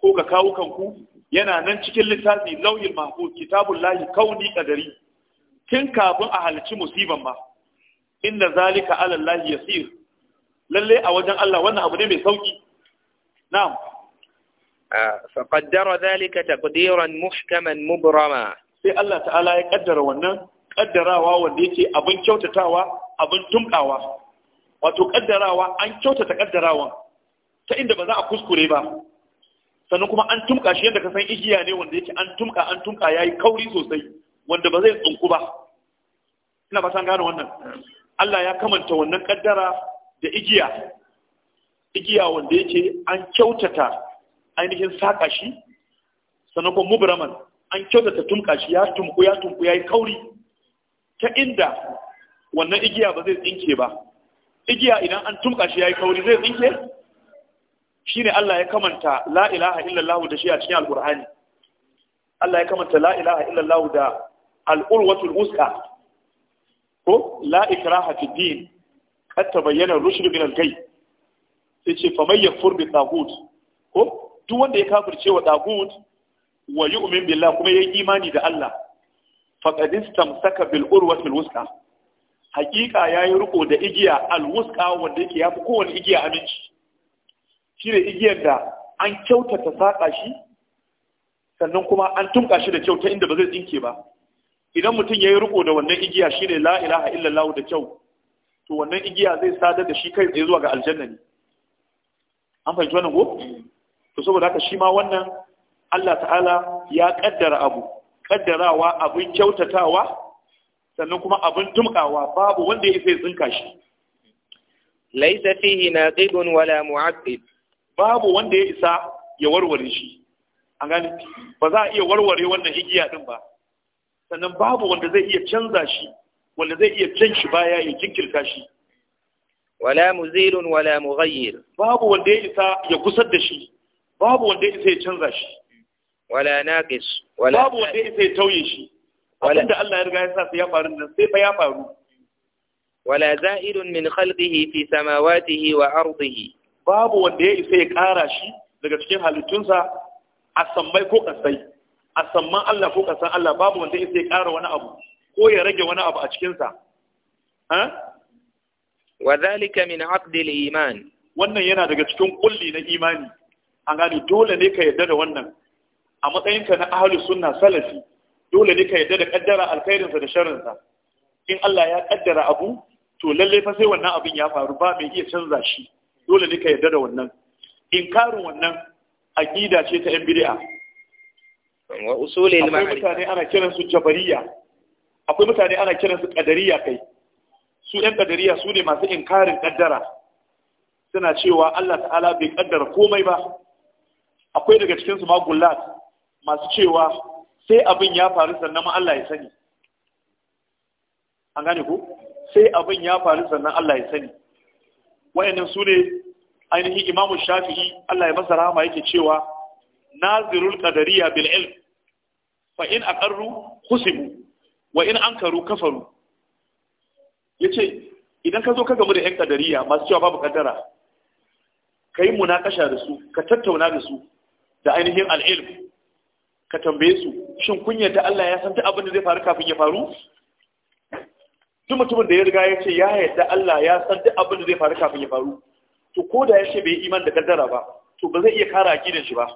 ko ga kawo kanku yana nan cikin littafi lauyin mahfuz kitabun lahi kauni kadari tun kafin a halici musiban ma. inda zalika ala ya yasir lalle a wajen Allah wannan abu ne mai sauki na'am فقدر zalika taqdiran muhkaman mubrama sai Allah ta'ala ya kaddara wannan kaddarawa wanda yake abin kyautatawa abin tumkawa wato kaddarawa an kyautata kaddarawan ta inda ba za a kuskure ba sannan kuma an tumka shi yadda ka san igiya ne wanda yake an tumka an tumka yi kauri sosai wanda ba zai tsunku ba ina ba san gane wannan Allah ya kamanta wannan kaddara da igiya igiya wanda yake an kyautata ainihin saka shi sannan kuma mubraman an kyautata tumka shi ya tumku ya tumku yi kauri ta inda wannan igiya ba zai tsinke ba igiya idan an tumka shi yayi kauri zai tsinke ne Allah ya kamanta La'ilaha illallah da shi a cikin alqur'ani Allah ya kamanta la ilaha da al-urwatul ko la ikraha fi din kad al sai ce fa may yakfur ko duk wanda ya kafirce wa tagut wa yu'min billah kuma yi imani da Allah faqad istamsaka bil urwatil wusta hakika ya yi riko da igiya alwuska wanda yake ya fi kowane igiya aminci shi ne igiyar da an kyautata saƙa shi sannan kuma an tunka shi da kyau ta inda ba zai tsinke ba idan mutum ya yi riko da wannan igiya shi ne a ilaha da kyau to wannan igiya zai sadar da shi kai tsaye zuwa ga aljanna ne an fahimci wannan ko to saboda haka shi ma wannan Allah ta'ala ya kaddara abu kaddarawa abin kyautatawa sannan kuma abin tumkawa babu wanda ya sai tsinka shi laisa fihi naqidun wala mu'aqqib babu wanda ya isa ya warware shi an gani ba za a iya warware wannan igiya din ba sannan babu wanda zai iya canza shi wanda zai iya can shi baya ya jinkirta shi wala muzilun wala mughayyir babu wanda ya isa ya kusar da shi babu wanda ya isa ya canza shi wala naqis wala babu wanda ya isa ya tauye shi abin da Allah ya riga ya sa su ya faru nan sai fa ya faru wala za'idun min khalqihi fi samawatihi wa ardihi babu wanda ya isa ya kara shi daga cikin halittunsa a sammai ko kasai a samman Allah ko kasan Allah babu wanda ya isa ya kara wani abu ko ya rage wani abu a cikinsa wa zalika min aqdil iman wannan yana daga cikin kulli na imani an gani dole ne ka yarda da wannan a matsayinka na ahlus sunna salafi dole ne ka yarda da kaddara alkhairinsa da sharrinsa in Allah ya kaddara abu to lalle fa sai wannan abin ya faru ba mai iya canza shi dole ne ka yarda da wannan inkarin wannan aqida ce ta yan bid'a wa usulil ma'arif akwai mutane ana kiran su jabariya akwai mutane ana kiran su qadariya kai su ɗan qadariya su ne masu inkarin kaddara suna cewa Allah ta'ala bai kaddara komai ba akwai daga cikin su magullat masu cewa sai abin ya faru sannan ma Allah ya sani an gane ko sai abin ya faru sannan Allah ya sani wayannan su ne ainihin imamu shafi'i Allah ya masa rahama yake cewa nazirul qadariya bil ilm fa in aqarru khusimu wa in ankaru kafaru yace idan ka zo ka gamu da yan qadariya masu cewa babu kaddara kai munakasha da su ka tattauna da su da ainihin al ilm ka tambaye su shin kunyar ta Allah ya san ta abin da zai faru kafin ya faru duk mutumin da ya riga ya ce ya yarda Allah ya san duk abin da zai faru kafin ya faru to ko da ya ce bai iman da kaddara ba to ba zai iya kara akidar shi ba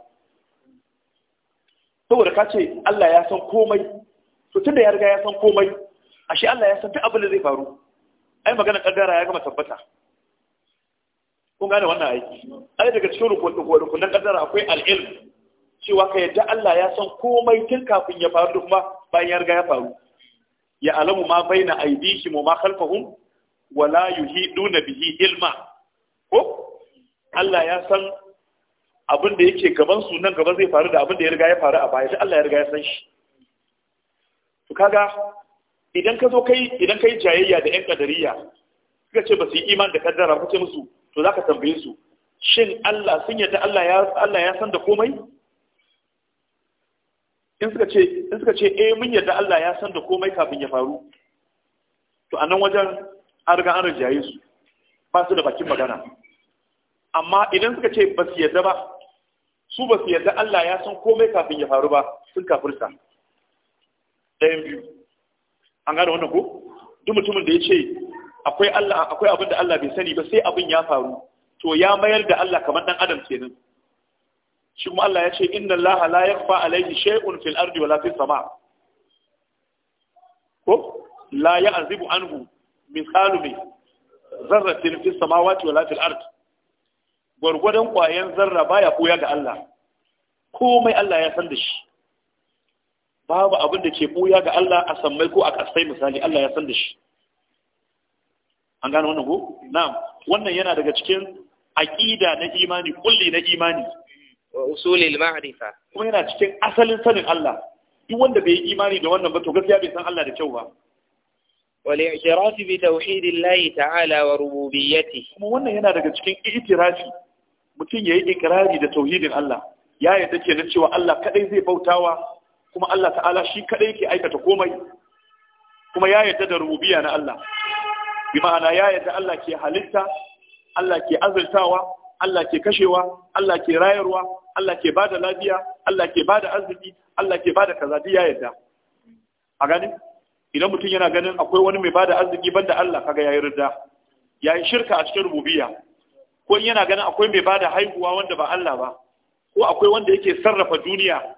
saboda ka ce Allah ya san komai to tunda ya riga ya san komai ashe Allah ya san duk abin da zai faru ai magana kaddara ya gama tabbata kun gane wannan aiki ai daga cikin rukunin kaddara akwai al-ilm cewa ka yadda Allah ya san komai tun kafin ya faru kuma bayan ya riga ya faru ya alamu ma baina aidihi mu ma khalfahum wa la yuhiduna bihi ilma ko Allah ya san abin da yake gaban su nan gaba zai faru da abin da ya riga ya faru a baya sai Allah ya riga ya san shi to kaga idan ka zo kai idan kai jayayya da yan kadariya suka ce ba su yi iman da kaddara ku ce musu to zaka tambaye su shin Allah sun yadda Allah ya Allah ya san da komai in suka ce in suka ce eh mun yarda Allah ya san da komai kafin ya faru to a nan wajen an riga an rajaye su ba su da bakin magana amma idan suka ce ba su yarda ba su ba su yarda Allah ya san komai kafin ya faru ba sun kafirta ɗayan biyu an gane wannan ko duk mutumin da ya ce akwai Allah akwai abin da Allah bai sani ba sai abin ya faru to ya mayar da Allah kamar dan adam kenan shi kuma Allah ya ce inna Allah la yakhfa alayhi shay'un fil ardi wala fis sama ko la ya'zibu anhu misalu bi zarratin fis samawati wala fil ardi gwargwadon ƙwayan zarra baya koya ga Allah komai Allah ya san da shi babu abin da ke buya ga Allah a sammai ko a ƙasai misali Allah ya san da shi an gano wannan ko na'am wannan yana daga cikin aqida na imani kulli na imani usulil ma'rifa kuma yana cikin asalin sanin Allah duk wanda bai yi imani da wannan ba to gaskiya bai san Allah da kyau ba wal i'tiraf bi tauhid Allah ta'ala wa rububiyyati kuma wannan yana daga cikin i'tirafi mutum yayi ikrari da tauhidin Allah ya ke kenan cewa Allah kadai zai bautawa kuma Allah ta'ala shi kadai yake aikata komai kuma ya yarda da rububiyya na Allah bi ma'ana ya yarda Allah ke halitta Allah ke azurtawa Allah ke kashewa Allah ke rayarwa Allah ke bada lafiya Allah ke bada arziki Allah ke bada kaza duk ya yarda a gani idan mutum yana ganin akwai wani mai bada arziki banda Allah kaga yayi ya yayi shirka a cikin rububiyya ko yana ganin akwai mai bada haihuwa wanda ba Allah ba ko akwai wanda yake sarrafa duniya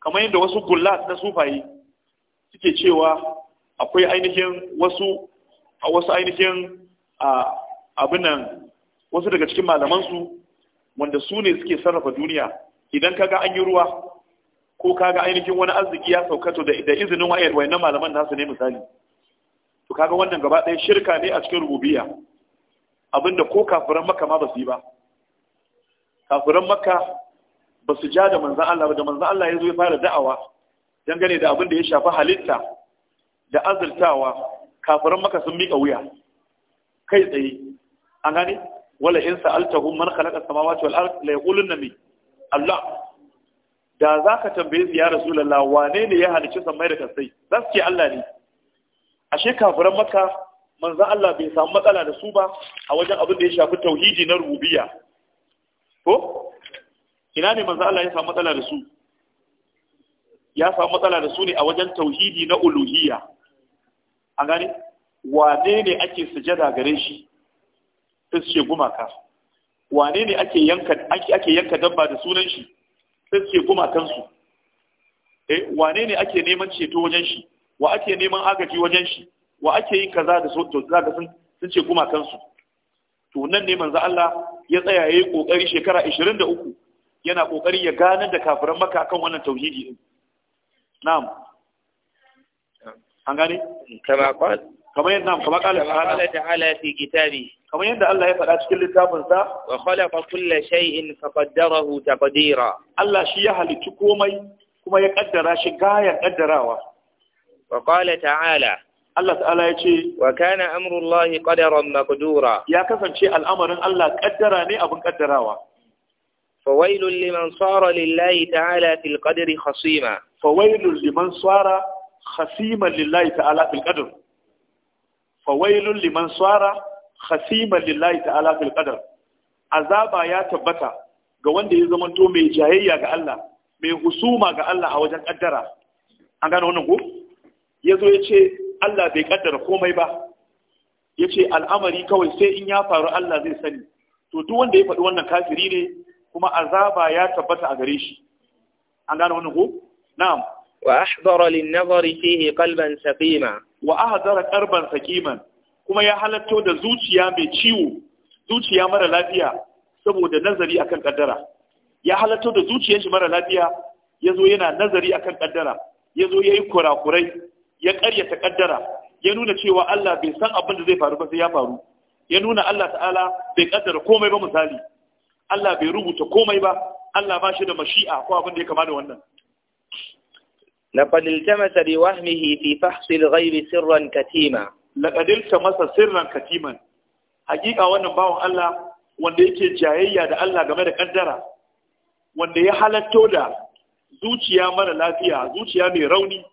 kamar yadda wasu gullat na sufaye suke cewa akwai ainihin wasu a wasu ainihin abin nan wasu daga cikin malaman su. wanda su ne suke sarrafa duniya idan kaga an yi ruwa ko kaga ainihin wani arziki ya sauka to da izinin wayar eh, wayannan malaman nasu ne misali to kaga wannan gaba ɗaya shirka ne a cikin rububiya. abinda ko kafiran makka ma ba su yi ba kafiran makka ba su ja da manzan Allah ba da manzan Allah ya zo ya fara da'awa dangane da abin da ya shafi halitta da azurtawa kafiran maka sun miƙa wuya kai tsaye an gane wala in sa'altahum man khalaqa samawati wal ard la yaqulunna mi Allah da zaka tambaye su ya rasulullah wane ne ya halicci sammai da kasai za Allah ne ashe kafiran makka manzo Allah bai samu matsala da su ba a wajen abin da ya shafi tauhidi na rububiyya ko ina ne manzo Allah ya samu matsala da su ya samu matsala da su ne a wajen tauhidi na uluhiyya a gane wane ne ake sujada gare shi sai su ce gumaka wane ne ake yanka ake yanka dabba da sunan shi sai su ce gumakan su eh wane ne ake neman ceto wajen shi wa ake neman agaji wajen shi wa ake yin kaza da so zaka sun sun ce gumakan su to nan ne manzo Allah ya tsaya yayi kokari shekara 23 yana kokari ya ganar da kafiran maka akan wannan tauhidi din na'am an gane kama kama yadda kama kala ta'ala fi kitabi kamar yadda Allah ya faɗa cikin littafinsa wa khalaqa kulla shay'in faqaddarahu taqdira Allah shi ya halicci komai kuma ya kaddara shi gayan kaddarawa wa qala ta'ala Allah ta'ala ya ce wa kana amrullahi qadaran maqdura ya kasance al'amarin Allah kaddara ne abin kaddarawa فويل lillahi صار لله تعالى khasima. Fa خصيما liman لمن صار lillahi لله تعالى في Fa فويل liman صار khasiman lillahi ta'ala fil qadar azaba ya tabbata ga wanda ya zamanto mai jayayya ga Allah mai husuma ga Allah a wajen kaddara an gane wannan ko zo ya ce Allah bai kaddara komai ba ya ce al'amari kawai sai in ya faru Allah zai sani to duk wanda ya faɗi wannan kafiri ne kuma azaba ya tabbata a gare shi an gane wannan ko na'am wa ahdara lin nazari fihi qalban saqima wa ahdara qalban saqiman kuma ya halatto da zuciya mai ciwo zuciya mara lafiya saboda nazari akan kaddara ya halatto da zuciyar shi mara lafiya ya zo yana nazari akan kaddara ya zo ya yi kurakurai ya karyata kaddara ya nuna cewa Allah bai san abin da zai faru ba sai ya faru ya nuna Allah ta'ala bai kaddara komai ba misali Allah bai rubuta komai ba Allah ba shi da mashi'a ko abin da ya kama da wannan لقد التمس بوهمه في فحص الغيب سرا كتيما laƙadilta masa sirran katiman hakika wannan bawan Allah wanda yake jayayya da Allah game da ƙaddara. wanda ya halatto da zuciya mara lafiya zuciya mai rauni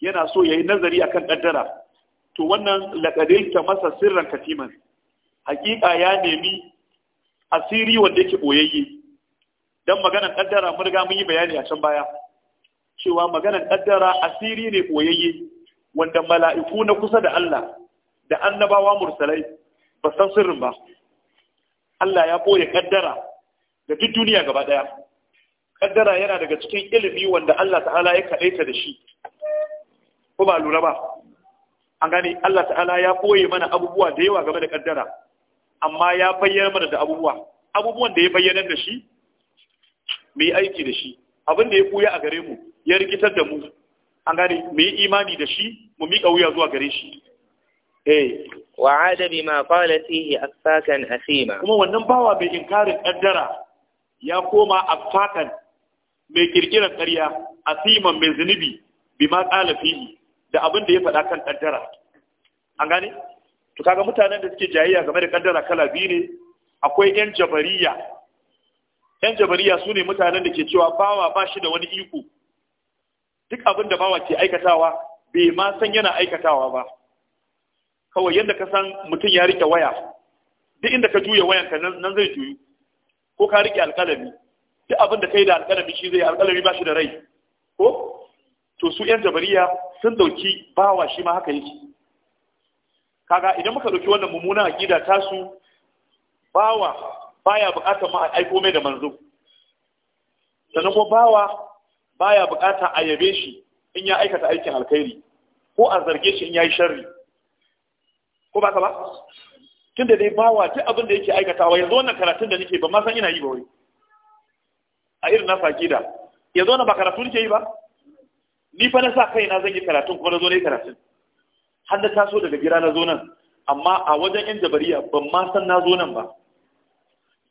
yana so ya yi nazari akan kaddara to wannan laƙadilta masa sirran katiman hakika ya nemi asiri wanda yake boyayye dan maganar kaddara mun riga mun yi bayani a can baya cewa maganar ƙaddara asiri ne boyayye wanda mala'iku na kusa da Allah da annabawa mursalai ba san sirrin ba Allah ya ɓoye ƙaddara da duk duniya gaba ɗaya. Ƙaddara yana daga cikin ilimi wanda Allah ta'ala ya kaɗaita da shi ko ba lura ba an gani Allah ta'ala ya ɓoye mana abubuwa da yawa game da ƙaddara, amma ya bayyana mana da abubuwa abubuwan da ya bayyana da shi mu yi aiki da shi abin da ya buya a gare mu ya rikitar da mu an gane mu yi imani da shi mu miƙa wuya zuwa gare shi eh wa adabi bima qala fihi asima kuma wannan bawa mai inkarin kaddara ya koma afakan mai kirkirar ƙarya asiman mai zunubi bima qala fihi da abin da ya faɗa kan kaddara an gane to kaga mutanen da suke jayayya game da kaddara kala biyu ne akwai yan jabariya yan jabariya sune mutanen da ke cewa bawa ba shi da wani iko duk abin da bawa ke aikatawa bai ma san yana aikatawa ba kawai yadda ka san mutum ya rike waya duk inda ka juya wayanka nan zai juyu ko ka rike alkalami duk abin da kai da alƙalami shi zai alƙalami ba shi da rai ko to su yan jabariya sun dauki bawa shi ma haka yake kaga idan muka dauki wannan mummunan aqida su bawa baya bukatar ma aiko mai da manzo sannan bawa baya bukata a yabe shi in ya aikata aikin alkhairi ko a zarge shi in ya yi sharri ko ba ka ba tunda dai bawa duk abin da yake aikatawa yanzu wannan karatun da nake ba ma san ina yi ba wai a irin na da, yanzu wannan ba karatu nake yi ba ni fa na sa kai na zan yi karatun kuma na zo na yi karatun har na taso daga gida na zo nan amma a wajen yan jabariya ban ma san na zo nan ba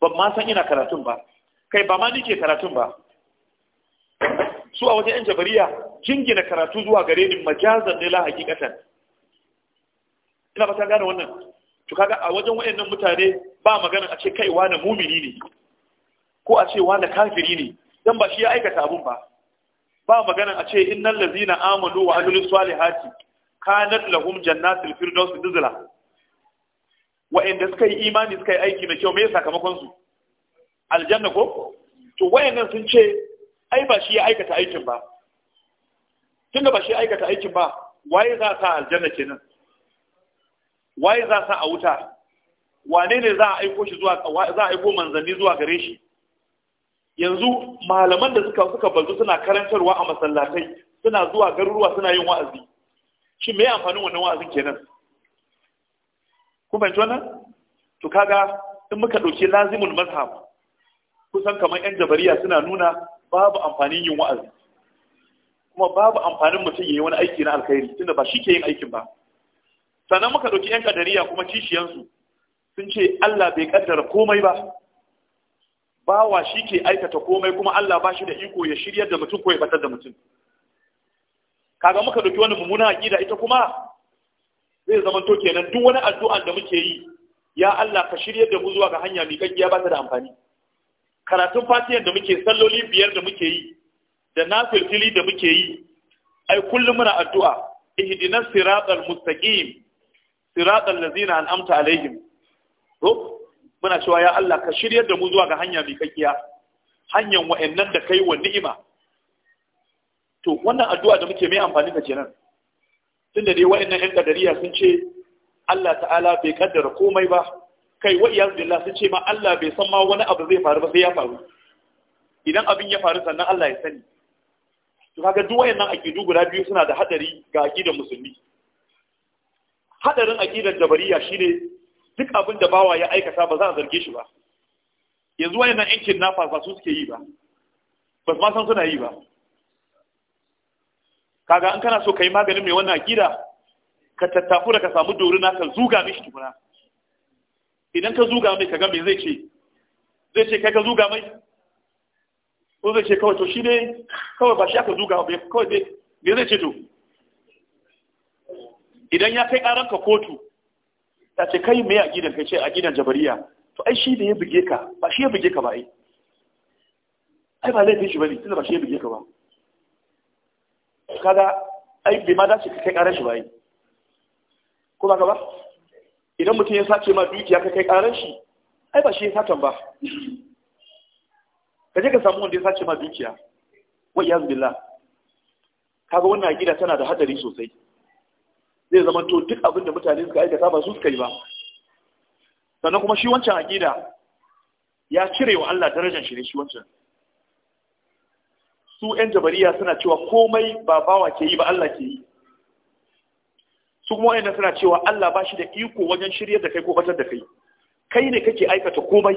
ban ma san ina karatun ba kai ba ma nake karatun ba su a wajen yan jabariya jingina karatu zuwa gare ni majazan ne la hakikatan ina ba ta gane wannan kaga a wajen wayannan mutane ba magana a ce kai na mumini ne ko a ce wani kafiri ne dan ba shi ya aikata abun ba ba magana a ce innal ladzina amanu wa amilus salihati kanat lahum jannatul firdaus nuzula inda suka yi imani suka yi aiki na kyau me sakamakon su aljanna ko to wayannan sun ce ai ba shi ya aikata aikin ba tun da ba shi ya aikata aikin ba waye za sa aljanna kenan waye za sa a wuta wane ne za a aiko shi zuwa za a aiko manzanni zuwa gare shi yanzu malaman da suka suka bazu suna karantarwa a masallatai suna zuwa garuruwa suna yin wa'azi shi me amfanin wannan wa'azin kenan ku ji wannan to kaga in muka dauke lazimul mazhab kusan kamar yan jabariya suna nuna babu amfanin yin wa'azi kuma babu amfanin mutum yayi wani aiki na alkhairi tunda ba shi ke yin aikin ba sannan muka ɗauki 'yan kadariya kuma kishiyansu sun ce Allah bai kaddara komai ba bawa shi ke aikata komai kuma Allah ba shi da iko ya shiryar da mutum ko ya batar da mutum kaga muka ɗauki wani mummuna aƙida ita kuma zai zama to kenan duk wani addu'an da muke yi ya Allah ka shiryar da mu zuwa ga hanya miƙaƙƙiya ba ta da amfani karatun fatiyar da muke salloli biyar da muke yi da nafilfili da muke yi ai kullum muna addu'a ihdinas siratal mustaqim siratal ladzina an'amta alaihim to muna cewa ya Allah ka shiryar da mu zuwa ga hanya mai kakkiya hanyar wa'annan da kai wa ni'ima to wannan addu'a da muke mai amfani da kenan tunda dai wa'annan ɗan kadariya sun ce Allah ta'ala bai kaddara komai ba kai wa iyaz billah sun ce ma Allah bai san ma wani abu zai faru ba sai ya faru idan abin ya faru sannan Allah ya sani to kaga duk wayannan akidu guda biyu suna da hadari ga akidar musulmi hadarin akidar jabariya shine duk abin da bawa ya aikata ba za a zarge shi ba yanzu wayannan yan nafa ba su suke yi ba ba ma san suna yi ba kaga an kana so kai maganin mai wannan akida ka tattafu da ka samu dorina ka zuga mishi tukuna idan ka zuga mai kaga me zai ce zai ce kai ka zuga mai ko zai ce kawai to shi ne kawai ba shi aka zuga mai kawai dai me zai ce to idan ya kai ƙaranka kotu ta ce kai mai a gidan kai ce a gidan jabariya to ai shi da ya buge ka ba shi ya buge ka ba ai ai ba laifin shi ne tunda ba shi ya buge ka ba kaga ai bai ma dace ka kai karan shi ba ai ko ba ka ba idan mutum ya sace ma dukiya ka kai karan shi ai ba shi ya satan ba ka je ka samu wanda ya sace ma dukiya wa iyaz billah kaga wannan gida tana da hadari sosai zai zama to duk abin da mutane suka aikata ba su suka yi ba sannan kuma shi wancan gida ya cire wa Allah darajar shi ne shi wancan su 'yan jabariya suna cewa komai ba bawa ke yi ba Allah ke yi su kuma wa'annan suna cewa Allah ba shi da iko wajen shirya da kai ko batar da kai kai ne kake aikata komai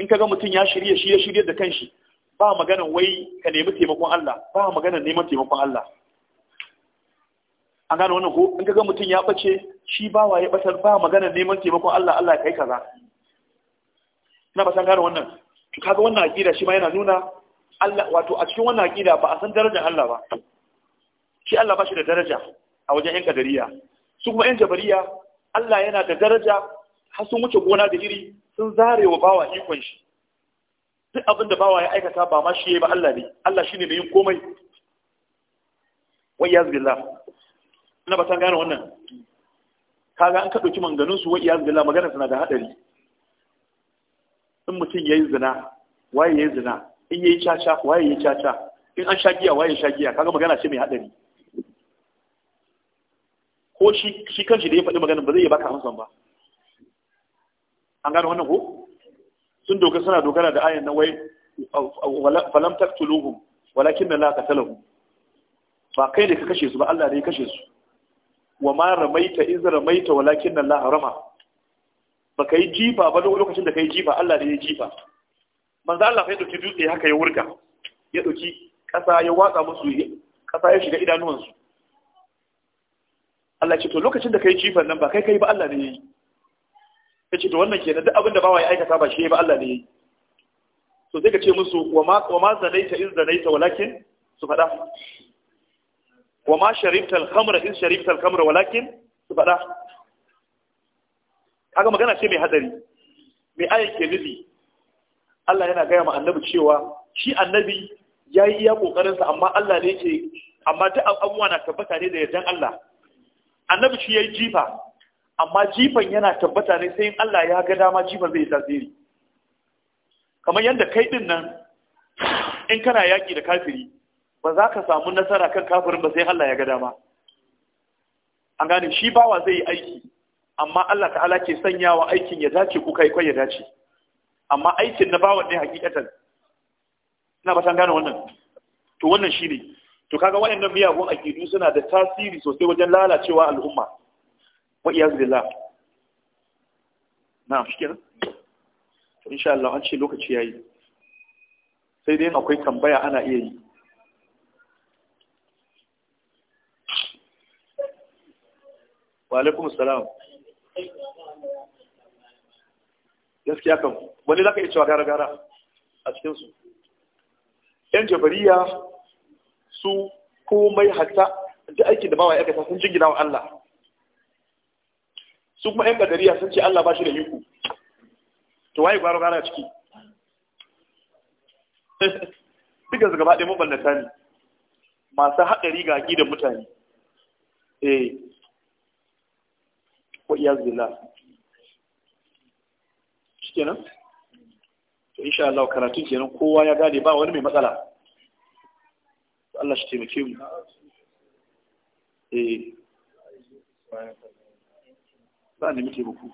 in ka ga mutum ya shirya shi ya shirya da kanshi ba maganan wai ka nemi taimakon Allah ba maganan neman taimakon Allah an gane wannan ko in ka ga mutum ya bace shi ba ya batar ba maganan neman taimakon Allah Allah kai kaza ina ba san gano wannan to kaga wannan aqida shi ma yana nuna Allah wato a cikin wannan aqida ba a san darajar Allah ba shi Allah ba shi da daraja a wajen yan kadariya su kuma yan jabariya Allah yana da daraja har sun wuce gona da iri sun zare wa bawa ikon shi duk abin da bawa ya aikata ba ma shi ya yi ba Allah ne Allah shi ne mai yin komai wai ya billah ina ba ta gane wannan kaga an ka manganun su wai ya billah magana suna da hadari. in mutum ya yi zina waye ya yi zina in ya yi caca waye ya yi caca in an sha giya waye ya sha giya kaga magana ce mai hadari? ko shi kan shi da ya faɗi maganin ba zai iya baka amsan ba an gano wannan ko sun doka suna dogara da ayan na wai falam taktuluhum walakin la qatalahum ba kai ne ka kashe su ba Allah ne ya kashe su wa ma ramaita iz ramaita walakin la rama ba kai jifa ba lokacin da kai jifa Allah ne ya jifa manzo Allah sai dauki dutse haka ya wurga ya dauki kasa ya watsa musu kasa ya shiga idanuwan su. Allah ce to lokacin da kai jifan nan ba kai kai ba Allah ne yayi kace to wannan kenan duk abin da bawa ya aikata ba shi ba Allah ne yayi to sai ka ce musu wa ma wa ma zanaita iz zanaita walakin su fada wa ma sharibta al-khamra iz sharibta al-khamra walakin su fada kaga magana ce mai hadari mai ayin ke nufi Allah yana gaya ma annabi cewa shi annabi ya yi iya kokarinsa amma Allah ne yake amma duk abubuwa na tabbata ne da yardan Allah annabi shi yayi jifa amma jifan yana tabbata ne sai in Allah ya ga dama jifan zai tasiri kamar yadda kai din nan in kana yaki da kafiri ba za ka samu nasara kan kafirin ba sai Allah ya ga dama an gane shi bawa zai yi aiki amma Allah ta'ala ke sanyawa aikin ya dace ko kai kai ya dace amma aikin na bawa ne hakikatan ina ba san gane wannan to wannan shine to kaga wayannan miyagun akidu suna da tasiri sosai wajen lalacewa al'umma wa iyaz billah na'am shikenan to insha Allah an ce lokaci yayi sai dai akwai tambaya ana iya yi wa alaikum assalam gaskiya kan wani zaka iya cewa gara gara a cikin su yan jabariya su komai hatta da aikin da bawa aikata sun jingina wa Allah su kuma 'yan kadariya sun ce Allah ba shi da iko to waye gwaro gara ciki <laughs> duka su gaba ɗaya maballata ne masu haɗari ga gidan mutane eh ko iya zila shi kenan to insha Allah karatun kenan kowa ya gane ba wani mai matsala Allah shi taimake mu eh ba ne muke buku.